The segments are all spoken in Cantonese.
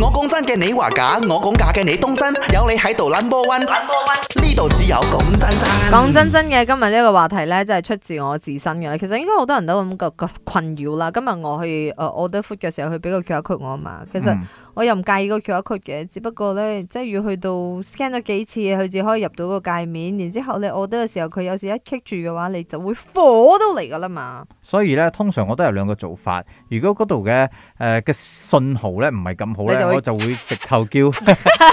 我講真嘅，你話假；我講假嘅，你當真。有你喺度，number one，number one，呢度只有講真真。講真真嘅，今日呢個話題呢，就係出自我自身嘅。其實應該好多人都咁個困擾啦。今日我去誒 order food 嘅時候，去俾個腳屈我啊嘛。其實、嗯。我又唔介意個橋曲嘅，只不過咧，即係要去到 scan 咗幾次，佢至可以入到個界面。然之後咧，你 order 嘅時候佢有時一棘住嘅話，你就會火到嚟噶啦嘛。所以咧，通常我都有兩個做法。如果嗰度嘅誒嘅信號咧唔係咁好咧，我就會直頭叫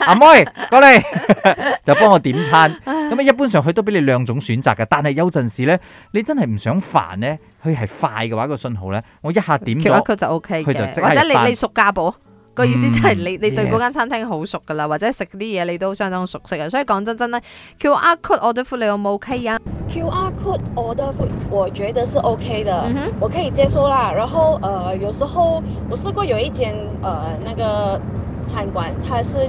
阿、 啊、妹過嚟， 就幫我點餐。咁啊，一般上佢都俾你兩種選擇嘅。但係有陣時咧，你真係唔想煩咧，佢係快嘅話，個信號咧，我一下點咗佢就 O K 嘅，或者你你熟家寶。個意思即係你你對嗰間餐廳好熟㗎啦，yes. 或者食啲嘢你都相當熟悉啊，所以講真真啦，QR code order food 你有冇 ok 啊？QR code order food，我覺得是 ok 嘅，mm -hmm. 我可以接受啦。然後，呃，有時候我試過有一間，呃，那個餐館，它是。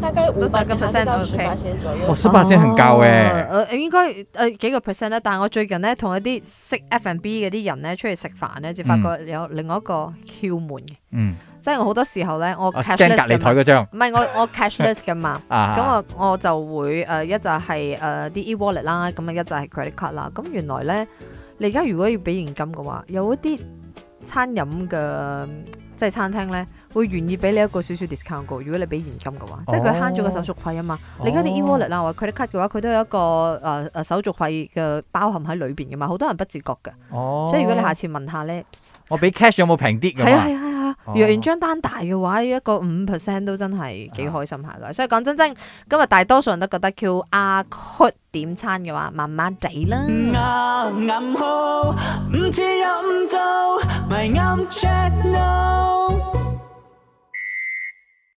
大概五百個 percent，哦，十八線左右，哦，哦十八線很夠誒，誒、哦呃，應該誒、呃、幾個 percent 啦，但係我最近咧同一啲識 F and B 嗰啲人咧出去食飯咧，就發覺有另外一個竅門嘅，嗯，即係我好多時候咧，我驚、啊、隔籬台嗰張，唔係我我 cashless 嘅嘛，咁 我我就會誒、呃、一就係誒啲 e wallet 啦，咁啊一就係 credit card 啦，咁原來咧你而家如果要俾現金嘅話，有一啲餐飲嘅即係餐廳咧。會願意俾你一個少少 discount 過，如果你俾現金嘅話，即係佢慳咗個手續費啊嘛。哦、你而家啲 eWallet 啊、哦、或 credit card 嘅話，佢都有一個誒誒、呃、手續費嘅包含喺裏邊嘅嘛。好多人不自覺嘅、哦，所以如果你下次問下咧，我俾 cash 有冇平啲？係啊係啊係啊，若然張單大嘅話，一個五 percent 都真係幾開心下嘅、哦。所以講真真，今日大多數人都覺得 QR code 點餐嘅話，麻麻地啦。唔、嗯啊嗯